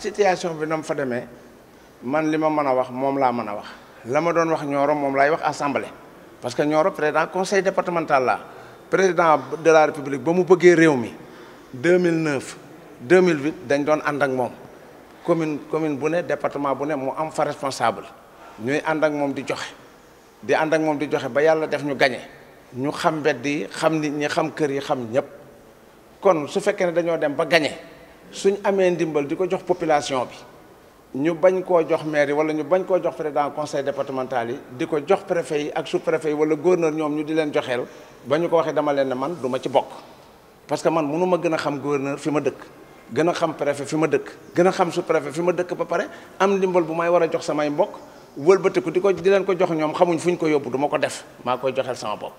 situation bi na mu fa demee man li ma mën a wax moom laa mën a wax la ma doon wax Nioro moom laay wax assemblée parce que Nioro président conseil départemental la président de la république ba mu bëggee réew mi 2009 2008 dañ doon ànd ak moom commune commune bu ne département bu ne mu am fa responsable ñuy ànd ak moom di joxe di ànd ak moom di joxe ba yàlla def ñu gañe ñu xam mbedd yi xam nit ñi xam kër yi xam ñëpp kon su fekkee ne dañoo dem ba gañe suñ amee ndimbal di ko jox population bi ñu bañ koo jox maire yi wala ñu bañ koo jox président conseil départemental yi di ko jox préfet yi ak sous préfet yi wala gouverneur ñoom ñu di leen joxeel ba ñu ko waxee dama leen ne man duma ci bokk parce que man mënu ma gën a xam gouverneur fi ma dëkk gën a xam préfet fi ma dëkk gën a xam sous préfet fi ma dëkk ba pare am ndimbal bu may war a jox samay mbokk wëlbatiku di ko di leen ko jox ñoom xamuñ fu ñu ko yóbbu duma ko def maa koy joxeel sama bopp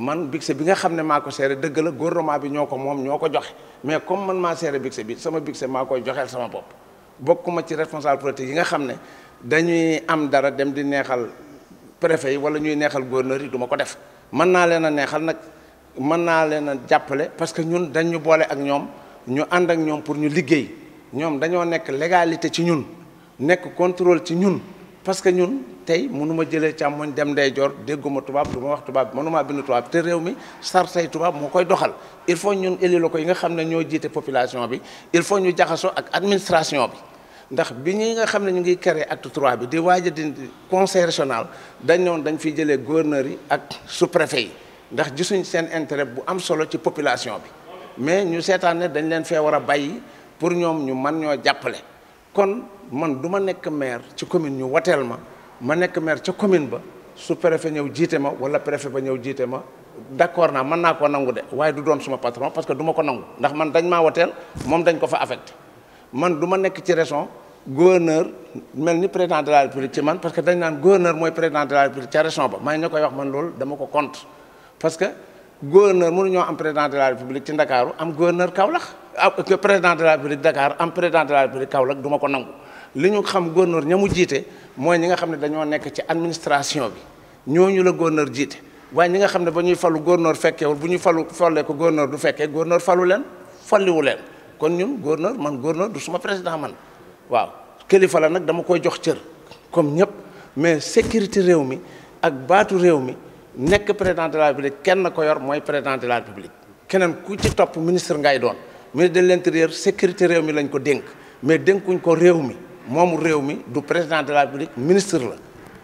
man bigse bi nga xam ne maa ko seere dëgg la gouvernement bi ñoo ko moom ñoo ko joxe mais comme man maa seere bigse bi sama bigse maa koy joxeel sama bopp bokkuma ci responsable politique yi nga xam ne dañuy am dara dem di neexal préfet yi wala ñuy neexal gouverneur yi du ko def mën naa leen a neexal nag mën naa leen a jàppale parce que ñun dañu ñu boole ak ñoom ñu ànd ak ñoom pour ñu liggéey ñoom dañoo nekk légalité ci ñun nekk contrôle ci ñun parce que ñun tey mënuma jëlee càmmoñ dem ndeyjoor dégguma tubaab du wax tubaab mënuma bind tubaab te réew mi sartay tubaab moo koy doxal il faut ñun éli ko yi nga xam ne ñoo jiite population bi il faut ñu jaxasoo ak administration bi ndax bi ñi nga xam ne ñu ngi créé acte trois bi di waaja a di conseil régional dañ noon dañ fiy jëlee gouverneur yi ak sous-préfet yi ndax gisuñ seen intérêt bu am solo ci population bi mais ñu seetaan ne dañ leen fee war a bàyyi pour ñoom ñu mën ñoo jàppale kon man du ma nekk maire ci commune ñu wateel ma ma nekk maire ca commune ba su préfet ñëw jiite ma wala préfet ba ñëw jiite ma d'accord naa mën naa ko nangu de waaye du doon suma patron parce que du ma ko nangu ndax man dañ maa wateel moom dañ ko fa affecté man du ma nekk ci région gouverneur mel ni président de la république ci man parce que dañ naan gouverneur mooy président de la république ca région ba may ña koy wax man loolu dama ko compte parce que gouverneur mënu ñoo am président de la république ci Ndakaaru am gouverneur Kaolack président de la République Dakar am président de la République Kaolack du ma ko nangu li ñu xam gouverneur ña mu jiite mooy ñi nga xam ne dañoo nekk ci administration bi ñoo ñu la gouverneur jiite waaye ñi nga xam ne ba ñuy falu fekkee fekkeewul bu ñu falu follee ko gouverneur du fekkee gouverneur falu leen folliwu leen kon ñun gouverneur man gouverneur du suma président man waaw kilifa la nag dama koy jox cër comme ñëpp mais sécurité réew mi ak baatu réew mi nekk président kenn ko yor mooy président la république keneen ku ci topp ministre ngay doon ministre de l'intérieur sécurité réew mi lañ ko dénk mais dénkuñ ko réew mi moomu réew mi du président de la république ministre la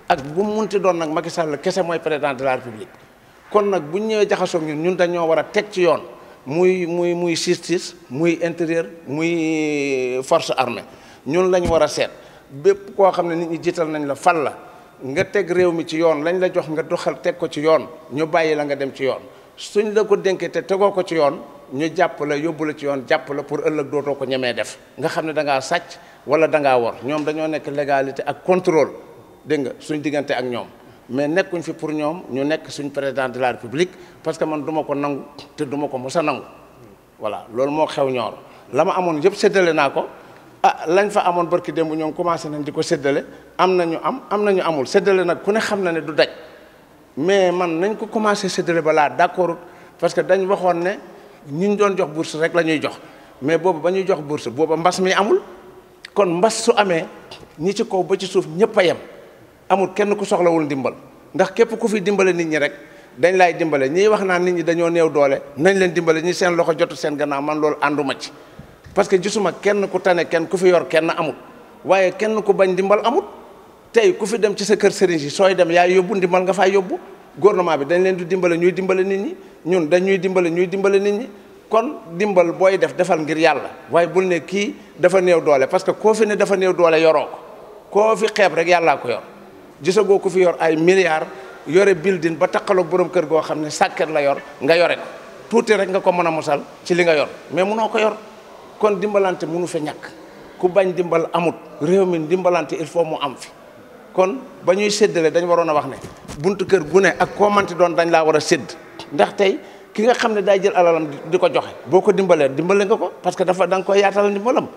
ak bu mu munti doon nag Macky Sall kese mooy président de la république kon nag bu ñëwee jaxasoo ñun ñun dañoo war a teg ci yoon muy muy muy justice muy intérieur muy euh, force armée ñun lañu war a seet bépp koo xam ne nit ñi jiital nañ la fal la nga teg réew mi ci yoon lañ la jox nga doxal teg ko ci yoon ñu bàyyi la nga dem ci yoon suñ la ko dénkee tegoo ko ci yoon ñu jàpp la yóbbu la ci yoon jàpp la pour ëllëg dootoo ko ñemee def nga xam ne da ngaa sàcc wala da ngaa wor ñoom dañoo nekk légalité ak contrôle dégg nga suñ diggante ak ñoom mais nekkuñ fi pour ñoom ñu nekk suñ président de la république parce que man du ma ko nangu te duma ko mos a nangu voilà loolu moo xew ñoor la ma amoon yëpp séddale naa ko ah lañ fa amoon barki démb ñoom commencé nañ di ko séddale am na ñu am am na ñu amul séddale nag ku ne xam na ne du daj mais man nañ ko commencé séddale balaa d'accord parce que dañ waxoon ne ñi ñu doon jox bourse rek la ñuy jox mais boobu ba ñuy jox bourse booba mbas mi amul kon mbas su amee ñi ci kaw ba ci suuf ñëpp a yem amul kenn ku soxlawul ndimbal ndax képp ku fi dimbale nit ñi rek dañ laay dimbale ñiy wax naa nit ñi dañoo néew doole nañ leen dimbale ñi seen loxo jotu seen gannaaw man loolu ànduma ci parce que gisuma kenn ku tane kenn ku fi yor kenn amul waaye kenn ku bañ dimbal amul tey ku fi dem ci sa kër sëriñ si sooy dem yaay yóbbu ndimbal nga faa yóbbu gouvernement bi dañ leen di dimbale ñuy dimbale nit ñi ñun dañuy dimbale ñuy dimbale nit ñi kon dimbal booy def defal ngir yàlla waaye bul ne kii dafa néew doole parce que koo fi ne dafa néew doole yoroo ko koo fi xeeb rek yàllaa ko yor gisagoo ko fi yor ay milliards yore building ba taqaloog borom kër goo xam ne sàkket la yor nga yore ko tuuti rek nga ko mën a mosal ci li nga yor mais munoo ko yor kon dimbalante munu fa ñàkk ku bañ dimbal amut réew mi dimbalante il faut mu am fi kon ba ñuy séddale dañ waroon a wax ne buntu kër gu ne ak koo manti doon dañ laa war a sédd ndax tey ki nga xam ne daay jël alalam di ko joxe boo ko dimbalee dimbale nga ko parce que dafa da nga koy yaatal ndimbalam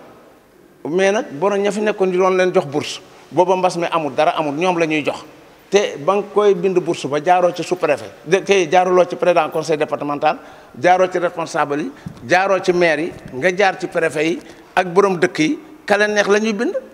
mais nag borom ña fi nekkoon di doon leen jox bourse booba mbas mi amul dara amul ñoom la ñuy jox te ba nga koy bind bourse ba jaaroo ci sous-préfet kay jaaruloo ci président conseil départemental jaaroo ci responsable yi jaaroo ci maire yi nga jaar ci préfet yi ak borom dëkk yi kale la ñuy bind